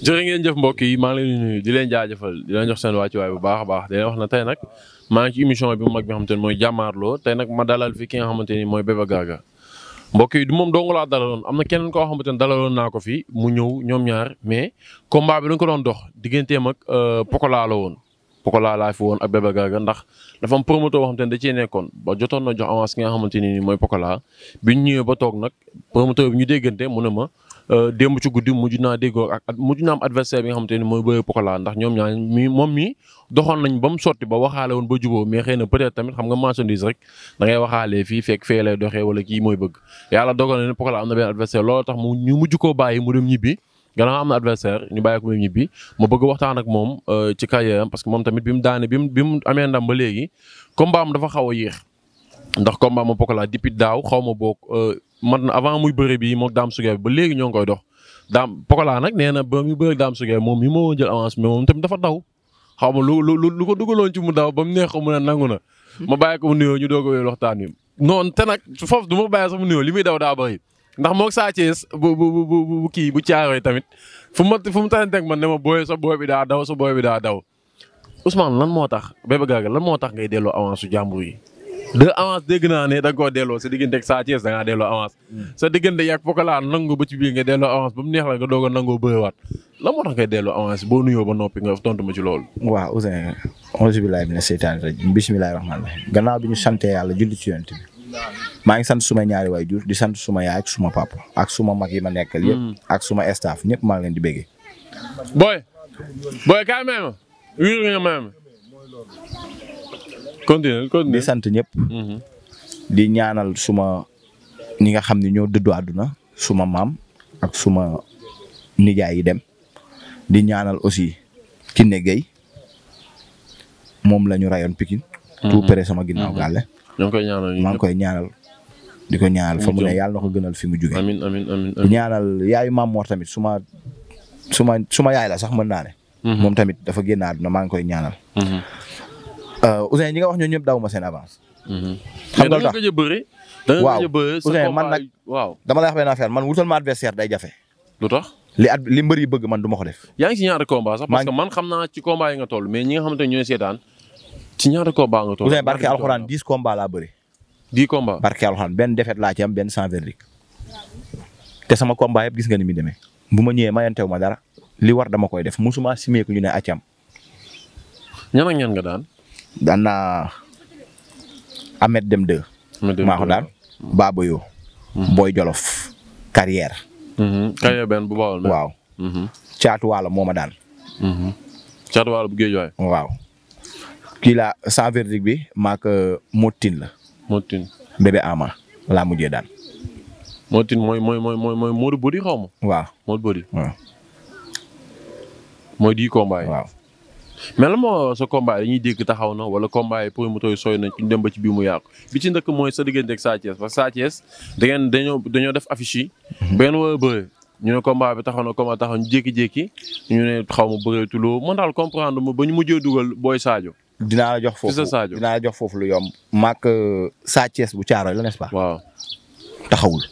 jërë ngeen jëf mbokk yi maa ngi leen di nuyu di leen jaajëfal di leen jox seen wàccuwaay bu baax a baax di leen wax na tey nag maa ngi ci émission bi mu mag bi nga xamante mooy jàmmaarloo tey nag ma dalal fi ki nga mooy Bébé Garga mbokk yi du moom dong laa dalaloon am na keneen koo xamante ne dalaloon naa ko fi mu ñëw ñoom ñaar mais combat bi dañ ko doon dox digganteem ak euh, Pokola la woon Pokola laa fi woon ak Bébé Garga ndax dafa am promoteur boo xamante ne da cee nekkoon ba jotoon na jox avance ki xamante ni mooy Pokola bi ñu ñëwee ba toog nag promoteur bi ñu déggante mun a ma Euh, démb ci guddi mujj naa déggoo ak mujj naa am adversaire bi nga xamante ni mooy bëre Pokola ndax ñoom ñaar mi moom mi doxoon nañ ba mu sotti ba waxaale woon ba juboo mais xëy na peut-être tamit xam nga marchandise rek da ngay waxaalee fii fekk fee lay doxee wala kii mooy bëgg yàlla dogal na ne am na benn adversaire loolu tax mu ñu mujj koo bàyyi mu dem ñibbi gannaaw am na adversaire ñu bàyyi ko mu dem ñibbi ma bëgg waxtaan ak moom euh, ci carrière am parce que moom tamit bi mu daane bi bi mu amee ndam ba léegi combat am dafa xaw a yéex ndax combat ma Pokola depuis daaw xaw ma boog euh, man avant muy bëre bi moom Dame Sougué ba léegi ñoo ngi koy dox Dame Pokola nag nee na ba muy bëre Dame Sougué moom mi ma woon moom tamit dafa daw xaw ma lu lu lu ko dugaloon ci mu daw ba mu neex ko mu ne nangu na ma bàyyi ko mu nuyoo ñu doo a wéyal waxtaan wi noonu te nag foofu du ma bàyyi sax mu nuyoo li muy daw daa bëri ndax moog Sa Thiès bu bu bu kii bu caaree tamit fu ma fu mu tànnanteeg man ne ma booy sa booy bi daa daw sa booy bi daa daw Ousmane lan moo tax Bébé Garga lan moo tax ngay delloo avance su jàmbur yi deux avance dégg naa ne da nga delloo sa diggante ak Sa Thiès da ngaa delloo avance. Mm. sa diggante yàgg Pokola nangu ba ci biir nga delloo avance ba mu la nga doog a nangoo la moo tax delloo avance boo nuyoo ba noppi nga tontu ma ci loolu. waaw Ousseyn auzu billaahi mina seytaani gannaaw bi ñu sante yàlla julli ci maa ngi sant suma ñaari waajur di sant suma yaay suma papa ak suma mag yi ma nekkal mm. ak suma staff ñëpp continué continué di sant ñëpp. Mm-hmm. di ñaanal suma ñi nga xam ne ñoo dëddu àdduna suma maam ak suma nijaay yi dem di ñaanal aussi Kiné Gueye moom la ñu rayoon Pikine. Mm-hmm. tout près sama ginnaaw mm-hmm. gàlle. ñoo ngi koy maa ngi koy ñaanal. di ko ñaanal fa mu yàlla na gënal fi mu jóge. yaayu maam Mor tamit suma suma suma yaay sax mën naa ne. moom tamit dafa génn àdduna maa ngi koy ñaanal. Euh, Ouzin ñi nga wax ñoo ñëpp daw ma seen avance. Mhm. xam nga lu man nag waaw dama lay wax benn affaire man wutal ma adversaire day jafe. lu tax li at li mbër yi bëgg man du ma ko def. yaa ngi si ñaari combat sax. parce que man xam naa ci combat yi nga toll mais ñi nga xamante ne ñooy seetaan ci ñaari combat nga toll. Ouzin barke alxuraan dix combat laa bëri. dix combat barke alxuraan benn défaite laa ci am benn sans verdict te sama combat yëpp gis nga ni mi demee bu ma ñëwee mayantew ma dara li war dama koy def musuma simee ko ñu ne acam ñan ak ñan nga daan daan naa Ahmed Dem 2. maa ko daan Baba Yo. Mhm. Boy Jolof carrière. Mhm. carrière benn bu bawal waaw. Mhm. caatu waalo moo ma daan. caatu waalo bu géej waay. waaw kii la sans verdict bi maak Mottin la. Mottin bébé Ama laa mujjee daan. Mottin mooy mooy mooy mooy Modou Body xaw ma. waaw Modou Body. waaw mooy di combat waaw. mais lan moo sa combat dañuy dégg taxaw na wala combat yi promoteur yi sooy nañ ñu dem ba ci bii mu yàqu bi ci ndëkk mooy sa diggante ak Sa Thiès parce que Sa Thiès da ngeen dañoo dañoo def affiche yi. Mhm. ba ngeen war a bëre ñu ne combat bi taxaw na combat taxaw ñu jékki-jékki ñu ne xaw ma bëree tuloo man daal comprendre ma ba ñu mujjee dugal booy Sadio. dinaa la jox foofu dinaa la jox foofu lu yomb. maak euh, Sa Thiès bu Thiaroye la n'est-ce pas. waaw taxawul.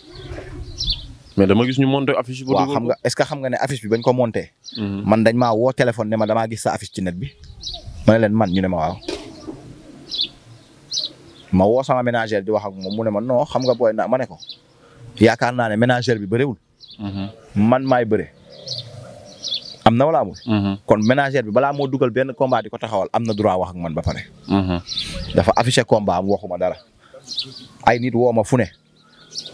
mais dama gis ñu monté affiche bi. xam nga est ce que xam nga ne affiche bi bañ ko monté. Mhm. man dañ ma wo téléphone ne ma dama gis sa affiche ci net bi. ma ne leen man ñu ne ma waaw. ma woo sama ménagère di wax ak mu ne ma non xam nga booy na ma ne ko. yaakaar naa ne ménager bi bëriwul. Mhm. man maay bëre. am na wala amul. Mhm. kon ménagère bi balaa moo dugal benn combat di ko taxawal am na droit wax ak man ba pare. dafa affiché combat am waxuma dala ay nit woo ma fu ne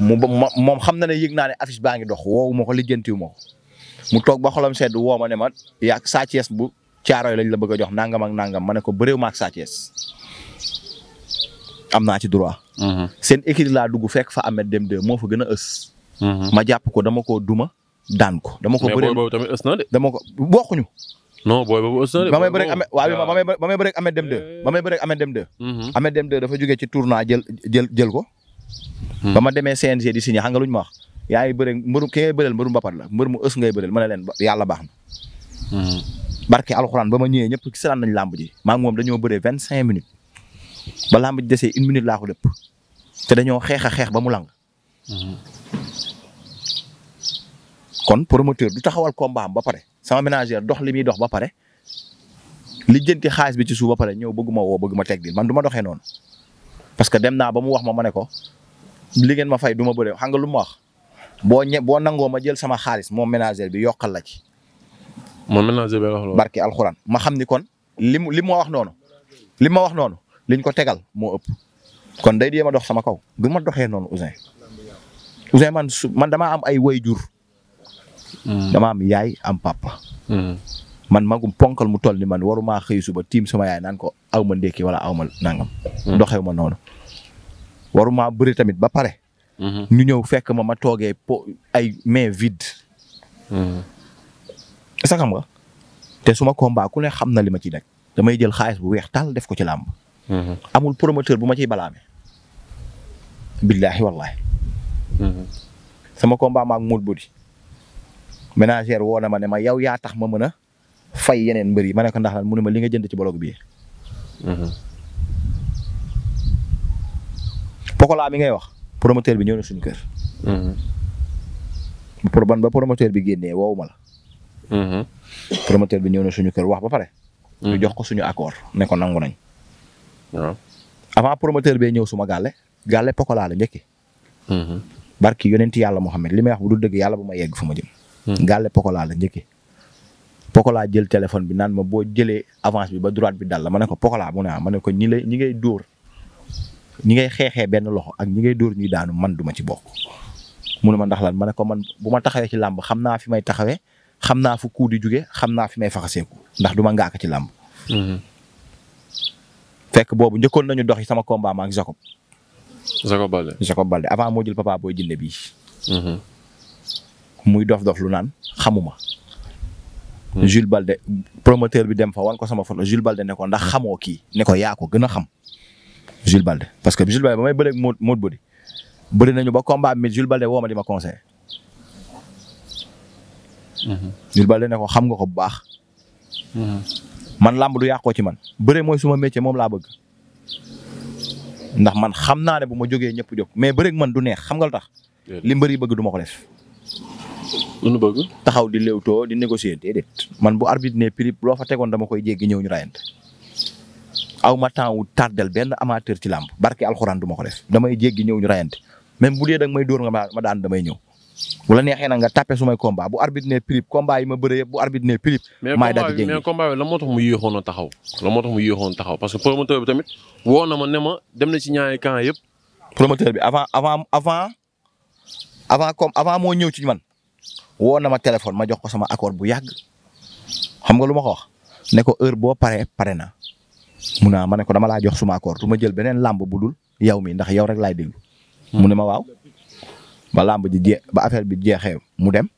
mu ba moom xam na ne yëg naa ne affiche baa ngi dox woowu ma ko lijjantiwu ma mu toog ba xolam sedd woo ma ne ma yaa Sa bu caaroy lañ la bëgg a jox nangam ak nangam ma ne ko bëréew ma ak am naa ci droit. Mm-hmm. seen équipe laa dugg fekk fa Ahmed dem 2 moo fa gën a ës. Mm-hmm. ma jàpp ko dama ko duma daan ko. dama ko bëree mais booy tamit ës na de. dama ko bokkuñu. non booy boobu ës na de. ba may bëreeg oh, Ahmed waaw ba may bëreeg Ahmed Deme 2. ba may mm-hmm. dafa jógee ci tournoi jël jël jël ko. Hmm. ba ma demee CNG di signé xam nga lu ñu ma wax yaa ngi bëre mbëru ki mbëru mbapat la mbër mu ës ngay bëreel ma a leen yàlla baax na hmm. barke alxuraan ba ma ñëwee ñëpp gisalaat nañ làmb ji maa moom dañoo bëree vingt cinq minutes ba làmb ji desee une minute laa ko te dañoo xeex a xeex ba mu lang hmm. kon promoteur du taxawal combat am ba pare sama ménagère dox li muy dox ba pare lijjanti xaalis bi ci suuf ba ñëw bëgguma woo bëgg ma teg di man du ma doxee noonu parce que dem naa ba mu wax ma ma ne ko li ngeen ma fay du ma bëre xam nga lu ma wax boo ñe nangoo ma jël sama xaalis moom ménager bi yokkal la ci. moom ménager bi wax ma xam ni kon li mu li ma wax noonu li ma wax noonu liñ ko tegal moo ëpp kon day jéem a dox sama kaw du ma doxee noonu Ouzin Ouzin man su man damaa am ay wayjur. Hmm. dama am yaay am papa. Hmm. man magum ponkal mu toll ni man warumaa xëy suba tiim sama yaay naan ko aw ma ndékki wala aw ma nangam. Hmm. doxew ma noonu. waruma bëri tamit ba pare. Mm-hmm. ñu ñëw fekk ma ma toogee po ay main vide. sa xam nga te suma combat ku ne xam na li ma ci nekk damay jël xaalis bu weex tàll def ko ci làmb. Mm-hmm. amul promoteur bu ma ciy balaame. billaahi wallaahi. Mm-hmm. sama combat maag Modou Bodi. ménagère woo ma ne ma yow yaa tax ma mën a fay yeneen mbër yi ma ne ko ndax lan mu ne ma li nga jënd ci bolog bi. Pokola mi ngay wax promoteur bi ñëw na suñu kër. Mm-hmm. ban ba promoteur bi génnee woowu ma la. Mm-hmm. bi ñëw na suñu kër wax ba pare. Mm-hmm. ñu jox ko suñu accord ne ko nangu nañ. waaw avant promoteur bee ñëw suma gàlle gàlle Pokola la njëkk. barki yonenti yàlla Mouhamed li may wax du dëgg yàlla bu ma yegg fu ma jëm. gàlle Pokola la njëkk. Pokola jël téléphone bi naan ma boo jëlee avance bi ba droite bi dal la ma ne ko Pokola mu ne ah, ma ne ko ñi lay ñi ngay dóor ñi ngay xeexee benn loxo ak ñi ngay dóor ñuy daanu man duma ci bokk mu ne ma ndax lan ma ne ko man bu ma taxawee ci làmb xam naa fi may taxawee xam naa fu kuu di jóge xam naa fi may faxaseeku ndax du ma ngaaka ci làmb mm-hmm. fekk boobu njëkkoon nañu dox yi sama combat ma ak Jacob Jacob Balde Jacob Balde avant moo jël papa booy jinne bii mm-hmm. muy dof dof lu naan xamuma mm-hmm. Jules Balde promoteur bi dem fa wan ko sama photo Jules Balde ne ko ndax xamoo kii ne ko yaa ko gën a xam Jules Balde parce que Jules Balde ba may bëreeg Mod Mod nañu ba combat mi Jules Balde woo ma di ma conseillé. Mhm. Jules Balde ne ko xam nga ko bu baax. Mhm. man làmb du yàqoo ci man bëre mooy suma métier moom laa bëgg. ndax man xam naa ne bu ma jógee ñëpp jóg mais bëreeg man du neex xam nga lu tax. li mbër yi bëgg du ma ko def. lu bëgg. taxaw di léewtoo di négocier déedéet man bu arbitre ne prix loo fa tegoon dama koy jéggi ñëw ñu raayante. aw ma temps wu tardel benn amateur ci làmb barke alxuraan du ma ko def damay jéggi ñëw ñu rayante même bu dee da nga may dóor nga ma daan damay ñëw. bu la neexee na nga tapé sumay combat bu arbitre ne prip combat yi ma bëre yëpp bu arbitre ne prip. maay dagg jéngi mais combat bi lan moo taxaw lan moo tax mu yéexoon taxaw parce que promoteur ma ne ma dem na ci ñaari camp yëpp. promoteur bi avant avant avant avant comme avant moo ñëw ci man woo na ma téléphone ma jox ko sama accord bu yàgg xam nga lu ma ko wax ne ko heure boo paree pare na mu ne ah, ma ne ko dama laa jox suma accord ma jël beneen làmb bu dul yow mi ndax yow rek laay déglu. Hmm. mu ne ma waaw ba làmb ji jeex ba affaire bi jeexee mu dem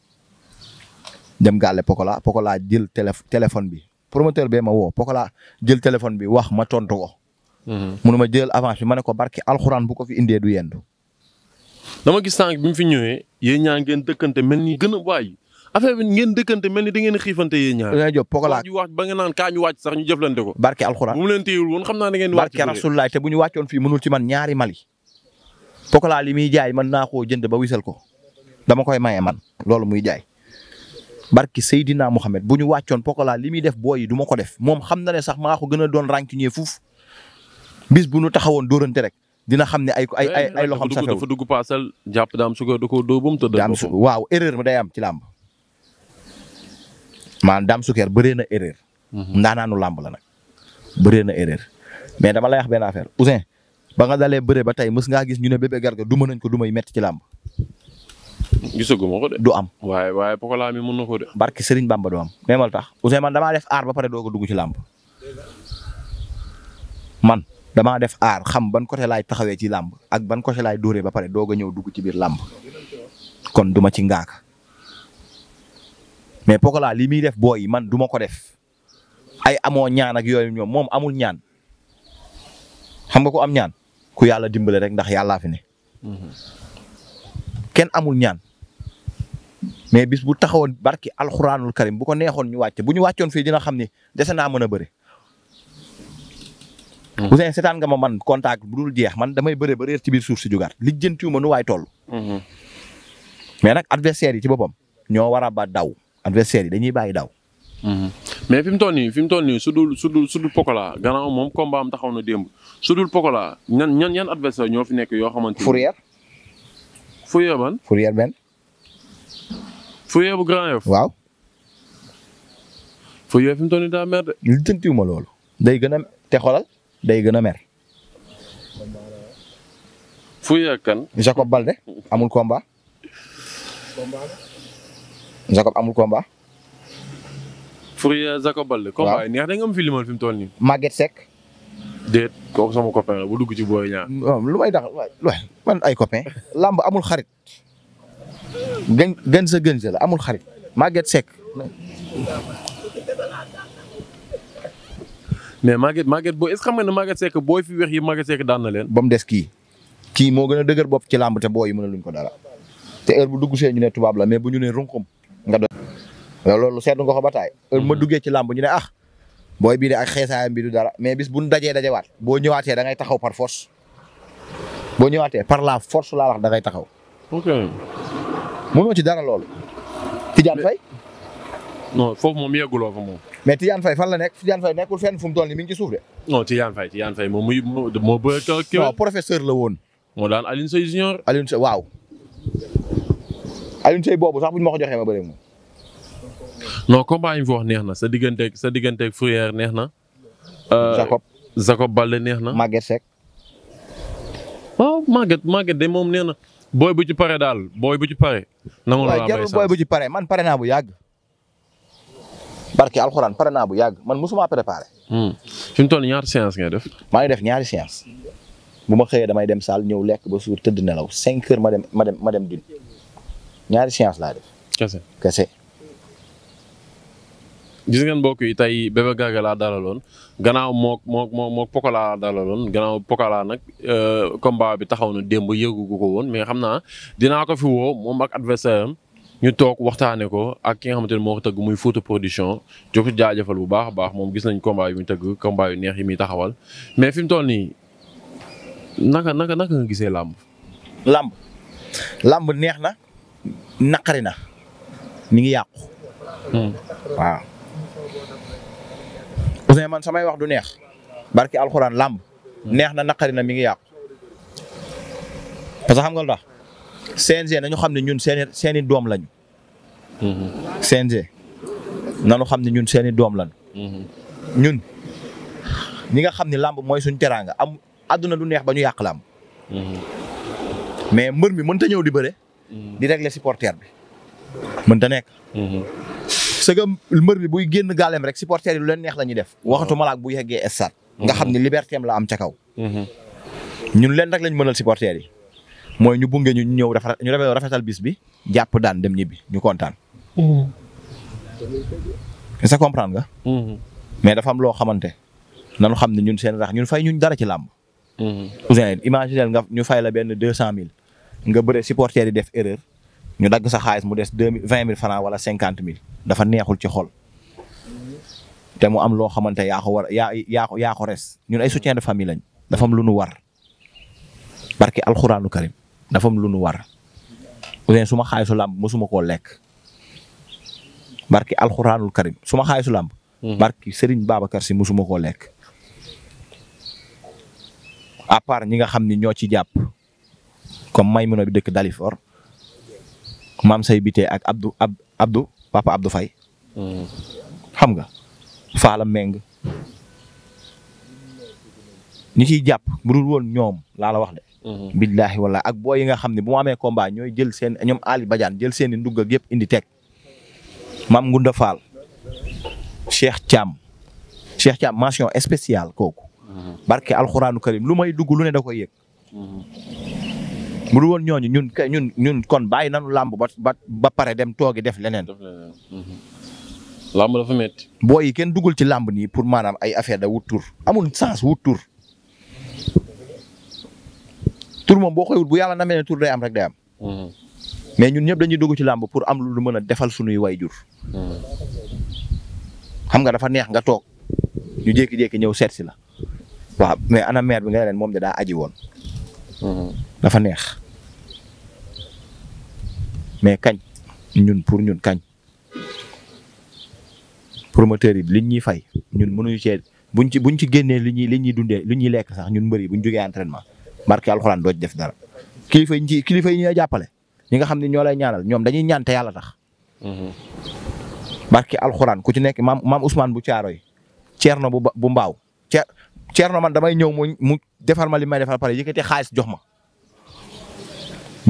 dem gàlle Pokola Pokola jël télé téléphone bi promoteur bee ma woo Pokola jël téléphone bi wax ma tontu ko. Hmm. mu ne ma jël avance bi ma ne ko barki alxuraan bu ko fi indee du yendu dama gis sànq bi mu fi ñëwee yéen ñaa ngeen dëkkante mel ni gën a affaire bi ngeen dëkkante mel ni da ngeen xiifante yéen ñaar. da ngay jóg pogalaat ñu wax ba nga naan kaa ñu wàcc sax ñu jëflante ko. barke alxuraan bu mu leen téyewul woon xam naa da ngeen. wàcc barke rasulullah te bu ñu wàccoon fii mënul ci man ñaari mali. pogalaat li muy jaay mën naa koo jënd ba wisal ko dama koy maye man loolu muy jaay. barke Seydina Mohamed bu ñu wàccoon pogalaat li muy def booy yi du ma ko def moom xam na ne sax maa ko gën a doon ràncuñee fuuf bis bu ñu taxawoon dóorante rek dina xam ne ay ay ay loxoom safewul dafa dugg paasal jàpp daam su ko da koo dóor ba mu waaw erreur am ci làmb maanaam Dame Souker bëree na erreur. Mhm. ndaanaanu làmb la nag bëree na erreur mais dama lay wax benn affaire Ouzin ba nga dalee bëree ba tey mës ngaa gis ñu ne bébé garga nañ ko du may metti ci làmb. gisaguma ko du am waaye waaye Pokola mi mën na ko de. barke Serigne Bamba du am mais mal tax Ouzin man damaa def aar ba pare doo ko dugg ci làmb man damaa def aar xam ban côté laay taxawee ci làmb ak ban côté laay dóoree ba pare doog a ñëw dugg ci biir làmb kon duma ci ngaaka mais Pokola li muy def booy man du ma ko def ay amoo ñaan ak yooyu ñoom moom amul ñaan xam nga ko am ñaan ku yàlla dimbale rek ndax yàllaa fi ne. kenn amul ñaan mais bis bu taxawoon barki alxuraanul karim bu ko neexoon ñu wàcce bu ñu wàccoon fii dina xam ni dese naa mën a bëri. Hmm. Ousseyn nga ma man contact bu dul jeex man damay bëre ba ci biir suuf si jugaat lijjantiwuma nu waay toll. Hmm. mais nag adversaire yi ci boppam ñoo war a ba daw. adversaire yi dañuy bàyyi daw. Mm-hmm. mais fi mu toll nii fi mu toll nii su dul su dul su dul Pokola moom combat am taxaw na démb su dul Pokola ñan ñan ñan adversaire ñoo fi nekk yoo xamante ni. Fourier. Fourier ban. Fourier benn. Fourier bu Grand Yoff. waaw. Fourier fi mu toll nii daa mer de. lu tëntiwuma loolu. day gën a te xolal day gën a mer. Fourier kan. Jacob Balde amul komba Jacob amul combat. Fourier Jacob Baldé. waaw combat yi neex da nga am fi limal fi mu toll nii. Maguette Seck. déet kooku sama la bu dugg ci booy ñaar. lu may tax waay man ay copain. lamb amul xarit. gën gën sa la amul xarit. Maguette Seck. mais Maguette Maguette booy est-ce que xam nga yi Maguette Seck daan na leen. ba mu des kii kii moo gën a dëgër bopp ci làmb te booy yi mënaluñ ko dara. te heure bu dugg see ñu ne tubaab la mais bu ñu nee runkum loolu seetlu nga ko ba taay. Mm-hmm. ma duggee ci làmb ñu ne ah. booy bii de ak xeesaayam bi du dara mais bis bu ñu dajee dajewaat boo ñëwaatee da taxaw par boo ñëwaatee par la force laa wax da taxaw. ok. mënoo ci dara loolu. Tidiane Faye. non foofu moom yegguloo fa moom. mais Tidiane Faye fan la nekk Tidiane Faye nekkul fenn fu mu toll nii mi ngi ci suuf de. non Tidiane Faye Tidiane Faye moom muy moo bëgg kii. non la woon. moo daan Alioune Seye junior. Alioune boobu sax bu ñu ma ko joxee ma bëri moom. non combat yi mu neex na sa digganteeg sa digganteeg Fourrière neex na. Euh, Jacob Jacob Baldé neex na. Maguette sek waaw oh, Maguette Maguette de moom neex na. booy bu ci pare daal booy bu ci pare. nangul waa Baye booy bu ci pare man pare naa bu yàgg. barke alxuraan pare naa bu yàgg man mosuma préparé. Hmm. fi mu toll ñaari séance ngay def. maa ngi def ñaari séance. bu ma xëyee damay dem saal ñëw lekk ba suur tëdd nelaw cinq ma dem ma dem ma dun ñaari séance laa def. kese. gis ngeen mbokk yi tey Bébé Garga laa dalaloon ganaaw mook mook moo mook Pokola laa dalaloon gannaaw Pokola nag euh, combat bi taxaw na démb yëgu ko woon mais xam naa dinaa ko fi woo moom ak adversaire ñu toog waxtaanee ko ak ki nga moo ko tëgg muy Fouta production di ko jaajëfal bu baax a baax moom gis nañ combat yu mu tëgg combat yu neex yi muy taxawal mais fi toll nii naka naka naka nga gisee làmb. làmb neex na naqari na mi ngi yàqu. Hmm. waaw. Ousseyn man samay wax du neex barki alxuraan làmb neex na naqari na mi ngi yàq parce xam nga lu tax CNG nañu xam ne ñun seen seen doom lañu. CNG nañu xam ne ñun seeni doom lañu. ñun ñi nga xam ne làmb mooy suñ teraanga am àdduna du neex ba ñu yàq làmb. mais mbër mi mënta ñëw di bëre. di régler supporter bi mënta nekk. c'est que mbër bi buy génn gaaleem rek supporter yi lu leen neex la ñuy def. waxatuma la ak bu yeggee stade. Mhm. nga xam ne liberté la am ca kaw. Mhm. ñun leen rek lañ mënal supporter yi. mooy ñu bunge ñu ñëw rafet ñu rafetal bis bi jàpp daan dem ñibbi ñu kontaan. Mhm. est-ce que comprendre mais dafa am loo xamante nanu xam ne ñun seen rax ñun fay ñun dara ci làmb. Ousseyn imaginer nga ñu fay la benn deux cent mille nga bëre supporter yi def erreur. ñu dagg sa xaalis mu des deux mille vingt mille wala cinquante mille dafa neexul ci xool te mu am loo xamante yaa ko war yaa yaa ko res ñun ay soutien de famille lañ dafa am lu nu war barki alxuraanu karim dafa am lu nu war Ouzin su ma xaalisu làmb mosuma koo lekk barki alxuraanul karim su ma xaalisu làmb mhm. barki Serigne Babacar si mosuma koo lekk à part ñi nga xam ni ñoo ci jàpp comme Maymuna bi dëkk Dalifor maam say bite ak Abdou ab Abdou papa Abdou Faye xam nga faala meng ñi ciy jàpp bu dul woon ñoom laa la wax de. billaahi wala ak boo yi nga xam ne bu ma amee combat ñooy jël seen ñoom Ali Badiane jël seeni i ndugg ak yëpp indi teg maam Ngunda Fall Cheikh Thiam Cheikh Thiam mention spéciale kooku. barke alxuraanu karim lu may dugg lu ne da koy mu du woon ñooñu ñun ñun ñun kon bàyyi na làmb ba ba pare dem toogi def leneen. Mhm. làmb dafa métti. boo yi kenn duggul ci làmb nii pour maanaam ay affaire da wut tur amul sens wut tur. tur moom boo koy wut bu yàlla namee ne tur day am rek day am. Mhm. mais ñun ñëpp dañuy dugg ci làmb pour am lu mën a defal suñuy jur mhm. xam nga dafa neex nga toog ñu jékki-jékki ñëw seet si la. waaw mais ana maire bi nga leen moom da daa aji woon. dafa neex mais kañ ñun pour ñun kañ promoteurs yi liñ ñuy fay ñun munuñu cee buñ ci buñ ci génnee li ñuy li ñuy dundee li ñuy lekk sax ñun mbër yi buñ jógee entraînement barke alxuraan doo def dara kilifa yi ñu kilifa yi ñu jàppale ñi nga xam ne ñoo lay ñaanal ñoom dañuy ñaan te yàlla tax. Mhm. barke alxuraan ku ci nekk maam maam Ousmane bu Caaroy Ceerno bu bu Mbaaw Ceerno man damay ñëw mu mu defar ma li may defar pare yëkkati xaalis jox ma.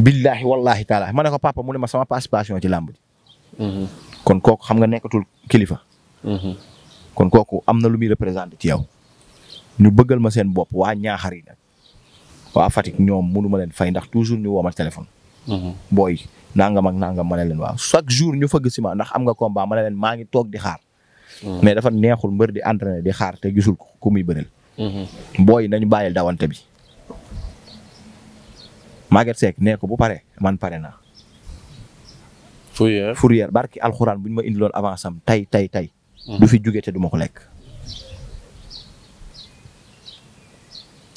billaahi wallaahi taala ma ne ko papa mu ne ma sama participation ci làmb mhm. kon kooku xam nga nekkatul kilifa. Mhm. kon kooku am na lu muy représenté ci yow. ñu bëggal ma seen bopp waa ñaaxar yi nag waa Fatick ñoom mënu ma leen fay ndax toujours ñu ma téléphone. Mhm. booy nangam ak nangam ma ne leen waaw chaque jour ñu fëgg si ma ndax am nga combat ma ne leen maa ngi toog di xaar. mais dafa neexul mbër di entraîné di xaar te gisul ku muy bëreel. booy nañu bàyyil dawante bi. Maguette Seck nee ko bu pare man pare na Fourier Fourier barki alxuraan bu ñu ma indiloon avance am tey tey tey. Mhm. du fi jugee te du ma ko lekk.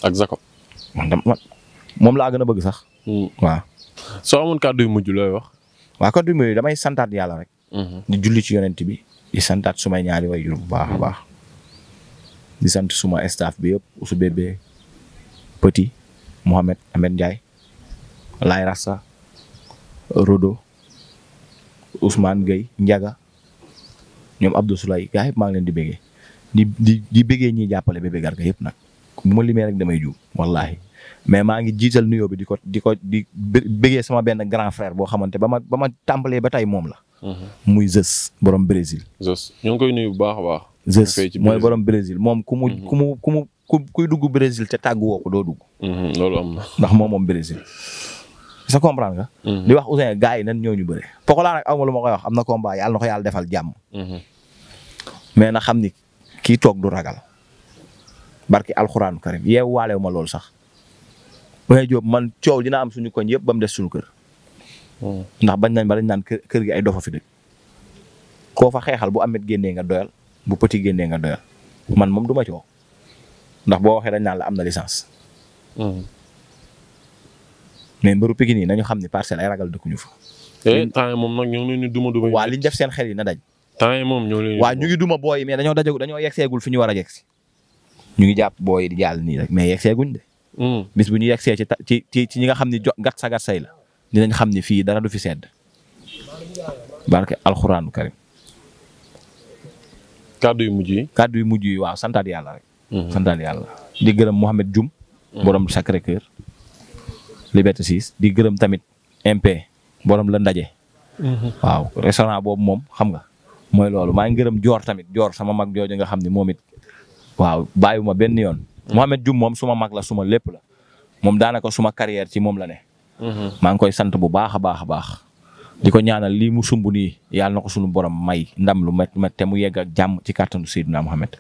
ak Jacob. moom laa gën na bëgg sax. Mhm. waaw. soo amoon kàddu yu mujj looy wax. waaw kàddu yu damay santaat yàlla rek. Mhm. di julli ci yonent bi. di santaat suma ñaari waajur bu baax a baax. di sant suma staff bi yëpp Ousou Bébé Petit Mohamed Ahmed Ndiaye. Laye Rassa Rodo Ousmane Gueye Ndiaga ñoom Abdou Soulay gaa yëpp maa ngi leen di bëggee di di di bëggee ñiy jàppale bébé Garga yëpp nag bu ma limee rek damay juum wallaahi mais maa ngi jiital nuyoo bi di ko di ko di bëggee sama benn grand frère boo xamante ba ma ba ma tàmbalee ba tey moom la. Mhm. muy Zeus borom Brésil. Zeus ñu ngi koy nuyu bu baax a baax. Zeus mooy borom Brésil moom ku mu mhm. mu ku mu kuy dugg Brésil te tàggu woo doo dugg. Mhm, loolu ndax moom moom Brésil. sa comprendre nga. Mm-hmm. di wax Ouzin gars yi nan ñoo ñu bëre. Pokola nag aw ma lu ma koy wax am na combat yàlla na ko yàlla defal jàmm. Mm-hmm. mais na xam ni kii toog du ragal. barki alxuraanu karim yeewu waalewu ma lool sax. Ouzin man coow dina am suñu koñ yëpp ba mu des suñu kër. Mm-hmm. ndax bañ nañ ba dañ naan kër gi ay dofa fi dëkk. koo fa xeexal bu amet génnee nga doyal bu petit génnee nga doyal man moom du ma coow ndax boo waxee dañ naan la am na licence. mais mbëru Pikine yi nañu xam ni parcelle ay ragal dëkkuñu fa. Eh, moom nag duma duma. waa li ñu def seen xel yi na daj. temps moom ñoo leen waa ñu ngi duma booy yi mais dañoo dajagul dañoo yeggseegul fi ñu war a yeggsi. ñu ngi jàpp booy yi di jàll nii rek mais yeggseeguñ de. Hmm. bis bu ñu yeggsee ci ci ci ci ñi nga xam ni jo gat sa gat say la dinañ xam ni fii dara du fi sedd. barke alxuraanu karim. kàddu yu mujj yi. kàddu yu mujj yi waaw santaat yàlla rek. Hmm. yàlla di gërëm Mouhamed Dioum. Hmm. borom Sacré Cœur Liberté 6 di gërëm tamit MP borom la ndaje. Mhm. waaw restaurant boobu moom xam nga mooy loolu maa gërëm joor tamit joor sama mag jooju nga xam ne moom it waaw ma benn yoon. Mhm. Mohamed Dioum moom suma mag la suma lépp la moom daanaka suma carrière ci moom la ne. Mhm. maa ngi koy sant bu baax a baax a baax. di ko ñaanal lii mu sumb nii yàlla na ko sunu borom may ndam lu met met te mu yegg ak jàmm ci kàttanu Seydina Mohamed.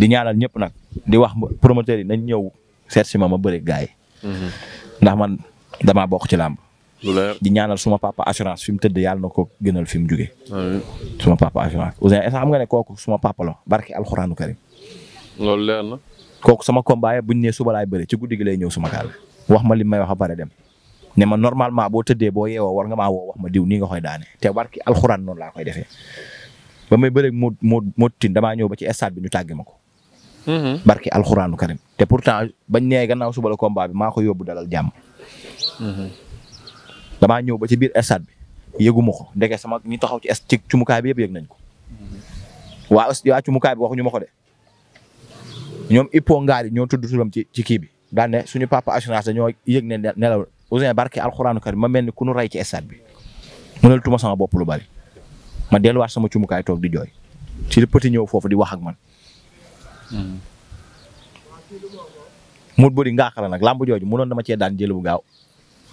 di ñaanal ñëpp nag di wax promoteurs yi nañ ñëw seet ma ma bëri gaay ndax damaa bokk ci làmb di ñaanal suma papa assurance fi mu tëdd yàlla na ko gënal fi mu jóge suma papa assurance Ouzin am nga ne kooku suma papa la barki alxuraanu karim loolu leer na kooku sama combat buñ ne suba laay bëri ci guddi lay ñëw suma kàll wax ma li may wax a pare dem ne ma normalement boo tëddee boo yeewoo war nga maa wax ma diw nii nga koy daane te barki alxuraan noonu laa koy defee ba may bëreeg moo moo moo tin damaa ñëw ba ci stade bi ñu tàgge ma ko. Mhm. barki alxuraanu karim te pourtant bañ nee gannaaw suba la combat bi maa ko yóbbu dalal jàmm. Mhm. damaa ñëw ba ci biir stade bi yëguma ko ndeke sama ñu taxaw ci ci cumukaay bi yëpp yëg nañ ko mhm. waa waa cumukaay bi waxuñu ma ko de ñoom Ippo Ngari ñoo tudd turam ci ci kii bi daan ne suñu papa assurance dañoo yëg ne nelaw Ouzin barke alxuraanu karim ma mel ni ku nu rey ci stade bi mënal tuma sama bopp lu bari ma delluwaat sama cumukaay toog di jooy ci petit ñëw foofu di wax ak man. Mhm. Modou Body ngaax xala nag làmb jooju mënoon dama cee daan jël bu gaaw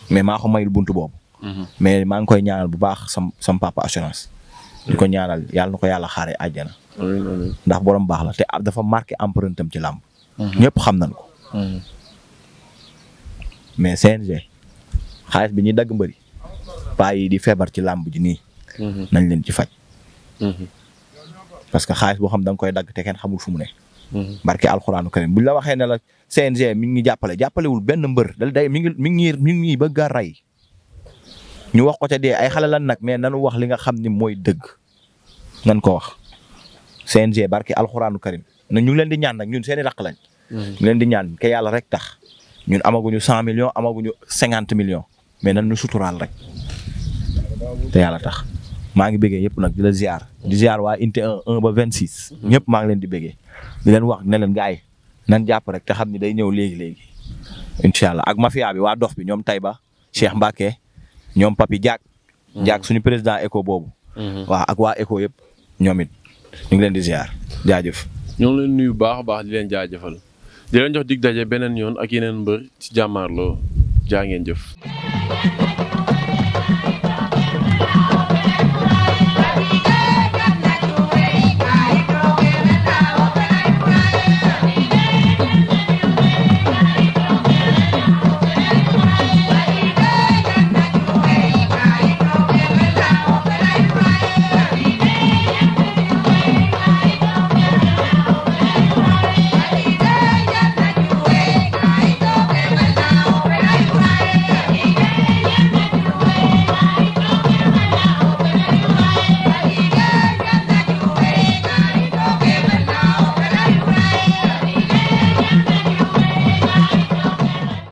mais maa ko mayul buntu boobu. Mhm. mais maa ngi koy ñaanal bu baax sam sam papa assurance. di ko ñaanal yàlla na ko yàlla xaaree àjjana. ndax borom baax la te dafa marqué empreinte am ci làmb. Mhm. ñëpp xam nañ ko. Mhm. mais CNG xaalis bi ñuy dagg mbëri paa di feebar ci làmb ji nii. nañ leen ci faj. parce que xaalis boo xam da nga koy dagg te kenn xamul fu mu ne. Mm-hmm. barke alxuraanu karim buñ la waxee ne la CNG mi ngi jàppale jàppalewul benn mbër dal day mi ngi mi ngi mi ngi bëgg a rey ñu wax ko ca ay xale lan nag mais nanu wax li nga xam ni mooy dëgg nan ko wax CNG barke alxuraanu karim na ñu leen di ñaan nag ñun seeni i raq lañ. Mm-hmm. ñu leen di ñaan ke yàlla rek tax ñun amaguñu cent millions amaguñu cinquante million mais nan ñu suturaal rek te yàlla tax maa ngi bëggee yëpp nag di la ziar di ziar waa unité 1 ba 26. Mm-hmm. ñëpp maa ngi leen di bëggee. di leen wax ne leen nan jàpp rek te xam ni day ñëw léegi léegi incha allah ak mafia bi waa dox bi ñoom Taïba Cheikh Mbacke ñoom Papi Diak. Mhm. Diak suñu président éco boobu. Mhm. waaw ak waa éco yëpp ñoom it ñu ngi leen di ziar jaajëf. ñoo ngi leen nuyu baax a baax di leen jaa jaajëfal di leen jox dig daje beneen yoon ak yeneen mbër ci jàmmaarloo jaa ngeen jëf.